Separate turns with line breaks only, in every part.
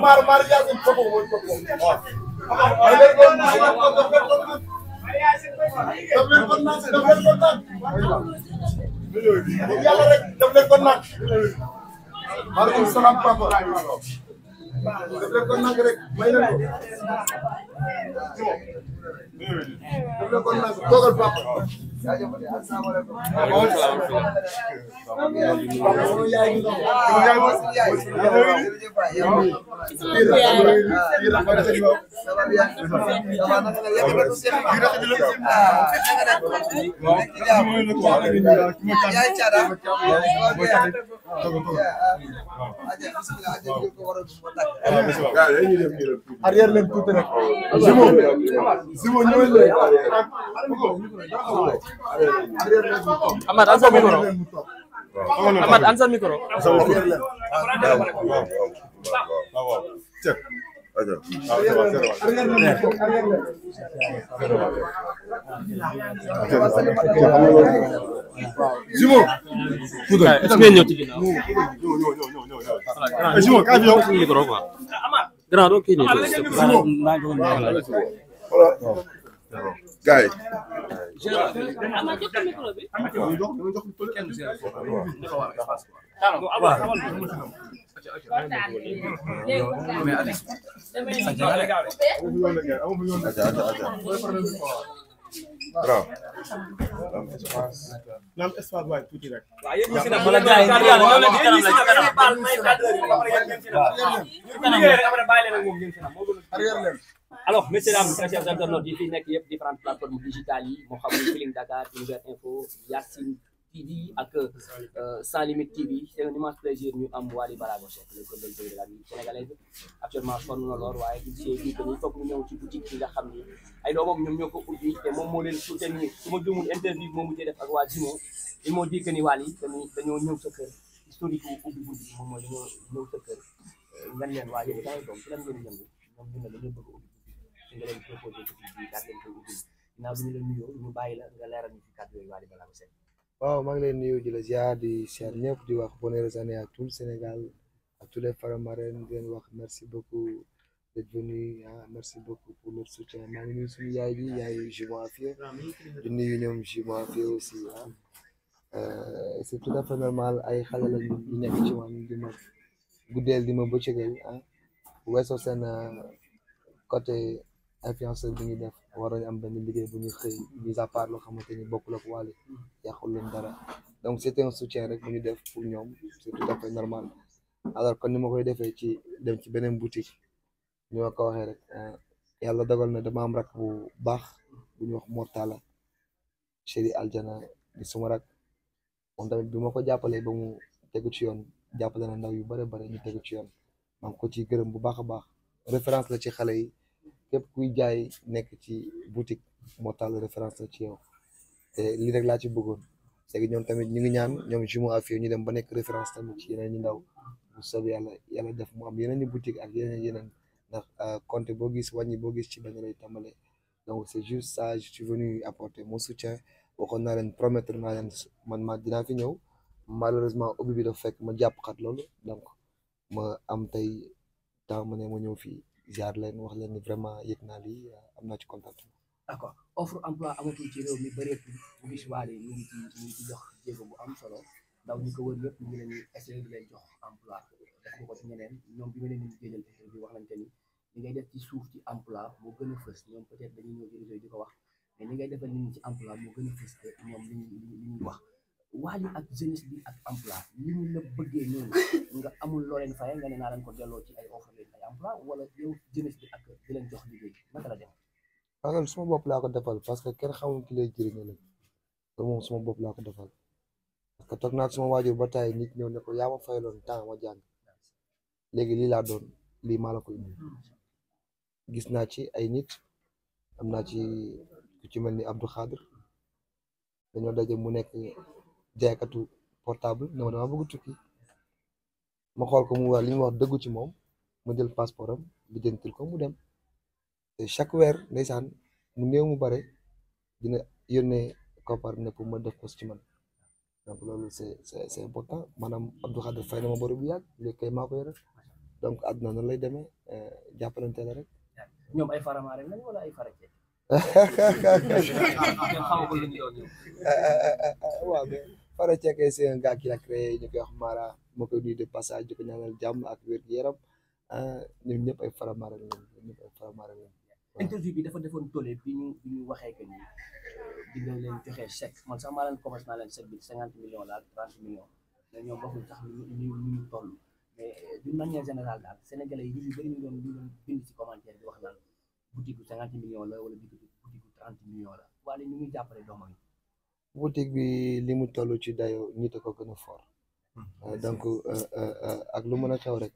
Mar Mar Yasin, por favor, por favor. yàlla rek daf leen ko nag maaleykum salaam papa daf leen ko nag rek may leen ko daf
leen ko nag toogal papa
arrière leen tuuti rek. Zimo Zimo ñëwal leen. Amad ansal micro. Amad ansal micro. Jimo. Jimo ka fi yow micro quoi. Grand do kini. Jimo. gars yi. waaw. naam espace waay tuuti rek. waaw alors messieurs dames très chers internautes yi fi nekk yëpp différentes plateformes digitales yi moo xam ne Feeling Dakar Univers Info Yacine TV ak euh, Sans Limite TV c'est un immense plaisir am Wally Ballago Seck le conducteur de la waaye il s'est dit ni yi nga xam ni ay doomam ñoom ñoo ko ubbi te moom moo leen soutenir su ma juumul interview moom mujjee def ak waa Jimo il moo dit que ni Wally dañuy dañoo ñëw sa kër historique bu moom mooy dañoo ñëw sa kër nga leen waa yéen nga leen proposé ci kii bi daal leen maa
ngi leen nuyu di di ziar ñëpp di wax bonne année à tout le Sénégal à tous les Faramareen di wax merci beaucoup d'être ah, merci beaucoup pour leur soutien maa ngi nuyu suñu yaay bi yaay Jumo Afia di nuyu ñoom Jumo Afia aussi ah euh, c'est tout à fait normal ay xale la ñu nekk ci wàllu di di ma bëccëgal ah weesoo seen euh, côté. influenceur bi ñuy def war nañu am benn liggéey bu ñu xëy mis à part loo xamante ni bokkul ak Wally yàqul leen dara donc c' était un rek bu ñu def pour ñoom c' est tout à fait normal alors que ni ma koy defee ci dem ci beneen boutique ñu ma ko waxee rek euh, yàlla dogal na dama am rak bu baax bu ñu wax Mortala chéri aljana di suma rak moom tamit bi ma ko jàppalee ba mu tegu ci yoon jàppale na ndaw yu bare bare ñu tegu ci yoon maa ko ci gërëm bu baax a baax référence la ci xale yi képp kuy jaay nekk ci boutique moo tax la référence la ci yow te lii rek laa ci bëggoon léegi ñoom tamit ñu ngi ñaan ñoom Jumo Afia ñu dem ba nekk référence tamit ci yeneen ñi ndaw bu sob yàlla yàlla def mu am yeneen i boutique ak yeneen yeneen ndax euh, compte boo gis wàññi boo gis ci benn lay tàmbale donc c'est juste ça je suis venu apporter mon soutien waxoon naa leen promettre man maa dinaa fi ñëw malheureusement ubbi bi dafa fekk ma jàpp xat loolu donc ma am tey temps ma ne ma ñëw fii jaar leen wax leen ni vraiment yëg naa lii am naa ci contentement.
d' accord offre emploi amatul ci réew mi bëreetul bu gis waa ñu ngi ci ñu ngi jox jéego bu am solo ndaw ñu ko wër ñu ngi leen di jox emploi def nga ko ci ñeneen ñoom bi ma leen di jëlal bi wax ngay def ci suuf ci emploi moo gën fës ñoom peut être dañuy ñëw ci réseau di ko wax mais ngay defal nit ñi ci emploi moo gën a fës ñoom li ñu li wax. Wally ak jeunesse bi ak emploi li ñu la bëggee noonu nga amul loo leen faye nga ne naa ko delloo ci ay offre ay emploi wala yow bi ak di jox liggéey naka la
ah, laa ko defal parce que kenn xamul ki lay jëriñ ëllëg loolu ko defal parce que toog ba tey nit ñëw ne ko yaa ma fayaloon temps ma jàng léegi lii laa doon gis naa ci ay nit am naa ci ku ci mel ni Abdou Khadir dañoo daje mu nekk jaaykatu portable ne ma dama bëgg tukki ma xool ko mu wax li ñu dëggu ci moom mu jël passeport am bi jëntil ko mu dem chaque weer ndeysaan mu néew mu bare dina yónnee koppar ne pour ma def ko ci man loolu c'est c'est c'est important maanaam Abdou Khadre fay na ma bor bu yàgg léegi kay maa donc àdduna noonu lay demee euh, jàppalante la rek. ñoom ay
faramaare lañ wala ah,
ah, ah, waaw mais Fara Cekkee c'est un ak qui l'a créé koy wax Mara moo koy nuyu de passage di jàmm ak wér-gu-yaram ñun ñëpp ay Fara Mara lañ ñëpp ay Fara
Mara lañ interview bi dafa defoon tollé bi ñu bi ñu waxee que ni dina leen joxe chèque man sax maa leen commencé naa leen chèque bi cinquante millions la ak trente millions mais ñoom waxul sax ñu ñu ñu toll mais d'une manière générale daal sénégalais yi ñu bëri ñu doon ñu doon bind ci commentaire bi wax naan boutique bu cinquante millions la wala boutique bu trente millions la wala ñu ngi jàppale doomam yi
boutique bi li mu toll ci dayo ñi ko gën a fort
hmm. euh, donc euh,
euh, ak lu mën a xew rek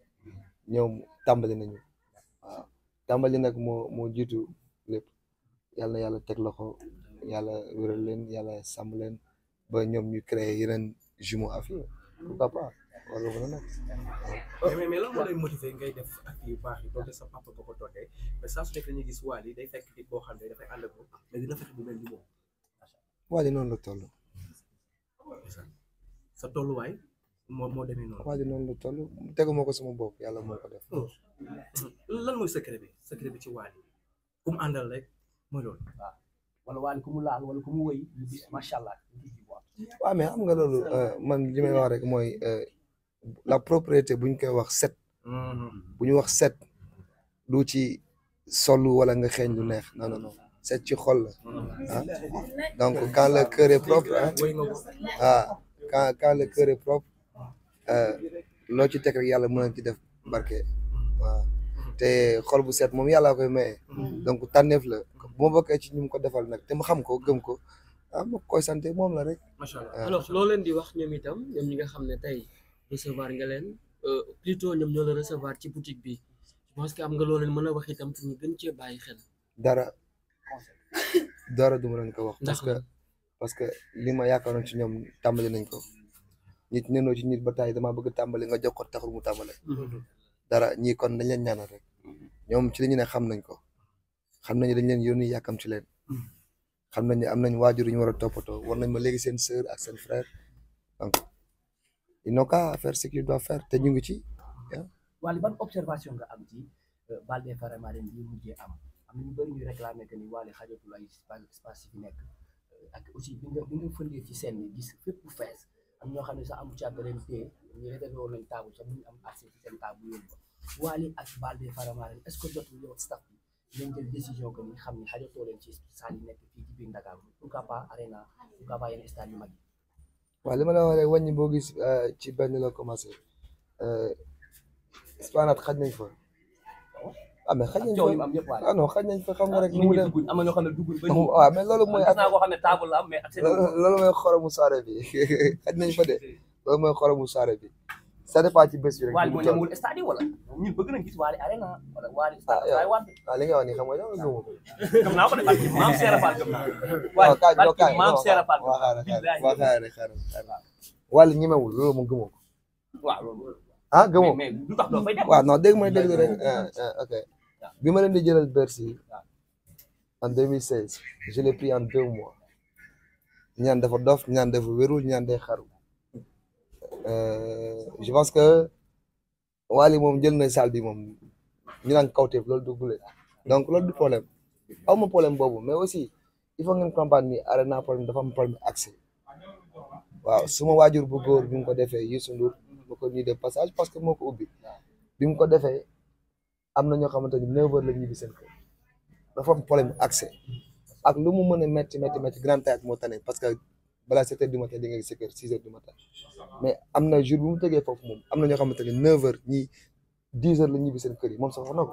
ñoom tàmbali nañu waaw tàmbali nag moo moo jiitu lépp yàlla na yàlla teg loxo yàlla wéral leen yàlla sàmm leen ba ñoom ñu créer yeneen jumeau affaire pourquoi pas wala wala
def ak yu baax yi sa papa gis waal yi day fekk nit xam ne dafay
waa ji noonu la toll. sa tolluwaay moo moo demee noonu. waa noonu la toll tegu ko sama bopp yàlla moo ko def. Oh.
bi secret bi ci waa ji ku rek mooy loolu. wala waa ji mu laal wala ku mu wëy macha allah.
waaw mais xam nga loolu euh, man li may wax rek mooy euh, la propriété buñ koy wax set. Mm-hmm. bu ñu wax set du ci solu wala nga xeeñ lu neex non non non. set ci xol la ah donc quand le cœur est propre ah quand quand le cœur est propre euh, ci teg yàlla mën na ci def barke waaw te xol bu set moom yàlla koy maye donc tànneef la bu ma bokkee ci ñu ko defal nag te mu xam ko gëm ko am ah, ma koy sante moom la rek macha ah.
loo leen di wax ñoom itam ñoom ñi nga xam ne tey recevoir nga leen euh, plutôt ñoom ñoo la recevoir ci boutique bi je pense que am nga loo leen mën a wax itam pour ñu gën cee bàyyi xel
dara dara duma leen ko wax. parce que parce que li ma yaakaaroon ci ñoom tàmbali nañ ko nit nenoo ci nit ba taay damaa bëgg tàmbali nga jox ko taxul mu tàmbale. dara ñii kon dañ leen ñaanal rek ñoom ci li ñu ne xam nañ ko xam nañ dañ leen yónni yàkkam ci leen xam nañ ne am nañ waajur yu ñu war a toppatoo war nañ ma léegi seen sœur ak seen frère donc ils n'ont qu'à faire ce qu'ils te ñu ngi ci.
wala ban observation nga am. am na ñu bëri ñu réclamé que ni Wally xajatul ay espace yi fi nekk euh, ak aussi bi nga bi nga ci seen bi gis fépp fees am ñoo xam ne sax amu ca leen téye ñu réservé woon nañ table sax ñu am accès ci seen table yóbbu Wally ak Baldé Faramareen est ce que jotul yow staff bi ngeen jël décision que ni xam ni xajatoo leen ci salle nekk fii ci biir Dakar pourquoi pas Arena pourquoi pas yenn stade yu mag
yi. li ma la wax rek wàññi boo gis euh, ci benn la commencé euh, esplanade xaj nañ ah mais xaj nañ fa am yëpp waaye ah non xaj nañ fa xam nga rek ni ah, mu dem am na ñoo xam ne dugul ba ñu waaw mais loolu mooy
naa koo xam ne table la am mais
loolu mooy xoromu saare bi xaj nañ fa de loolu mooy xoromu saare bi ça dépend ci bés bi rek waali moo ñamul
stade yi wala ñun bëgg nañ gis waali arena wala waali ah, stade waay waat ah,
waaw li nga wax ni xam nga yow gëmoo ko
gëm naa ko de barki maam Seera Fall gëm naa waaw kaay do kaay maam Seera Fall waaw xaaral xaaral xaaral
waali ñemewul loolu moom gëmoo ko
waaw ah gëmoo mais du tax doo fay dem waaw non dégg mooy dégg rek
ok bi ma leen di jëlal Bercy en 2016 je l'ai pris en deux mois ñaan dafa dof ñaan dafa wérul ñaan day xaru euh, je pense que Wally moom jël na salle bi moom ñu naan kawteef loolu du gule donc loolu du problème aw ma problème boobu mais aussi il faut ngeen comprendre ni arena problème defam am problème accès waaw suma waajur bu góor bi mu ko defee Youssou Ndour ma ko nuyu de passage parce que moo ko ubbi bi mu ko defee am na ñoo xamante ni neuf heures la ñibbi seen kër dafa am problème accès ak lu mu mën a métti métti métti grand théâtre moo tane parce que balaa sept heures du matin di nga sa six heures du matin mais am na jur bu mu tegee foofu moom am na ñoo xamante ni neuf heures ñii dix heures la ñibbi seen kër yi moom sax wax na ko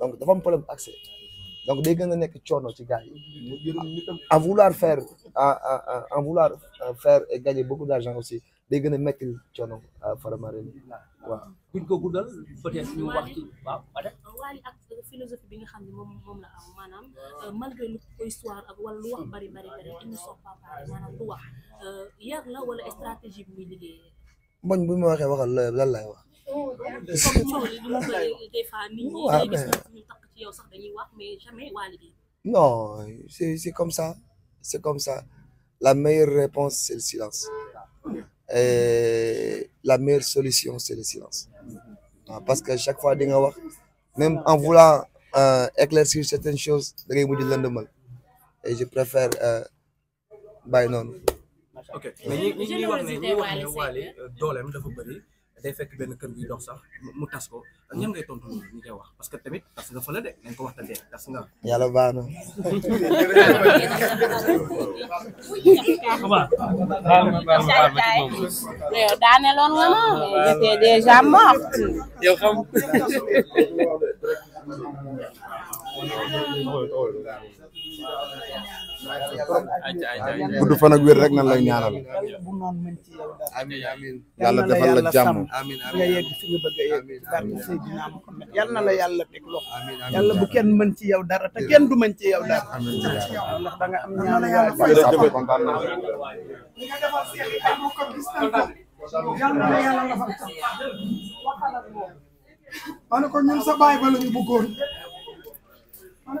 donc dafa am problème accès donc day gën a nekk coono ci gars
yi
à vouloir faire a à à vouloir euh, faire et gagner beaucoup d'argent aussi day gën a métti coono ah, Faramareen
waaw. buñ ko guddal ak philosophie bi nga xam ne moom la am maanaam euh, malgré lu histoire ak wala lu wax bari bari bari il ne sort
lan laay wax.
Oh, ah, comme mu bëri wax mais jamais Wally bi.
non c'est comme ça c'est comme ça la meilleure réponse c'est le silence. et euh, la meilleure solution c'est le silence ah, parce que chaque fois di nga wax même en voulant euh, éclaircir certaines choses da ngay mujj lëndëmal et je préfère euh, bàyyi noonu.
ok day fekk benn kër guy dox sax mu tas ko ak ñan ngay wax parce que tamit tas nga fa la de nañ ko gudd fan ak wér rek nan lay ñaanal yàlla defal la jàmm nga yegg a yegg barke yàlla teg bu kenn mën ci yow dara te kenn du mën ci yow dara ndax da nga ba la ñu bëggoon ma ne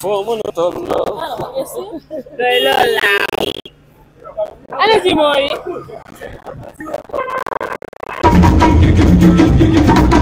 foo mën a tolloo doy lool laa ana si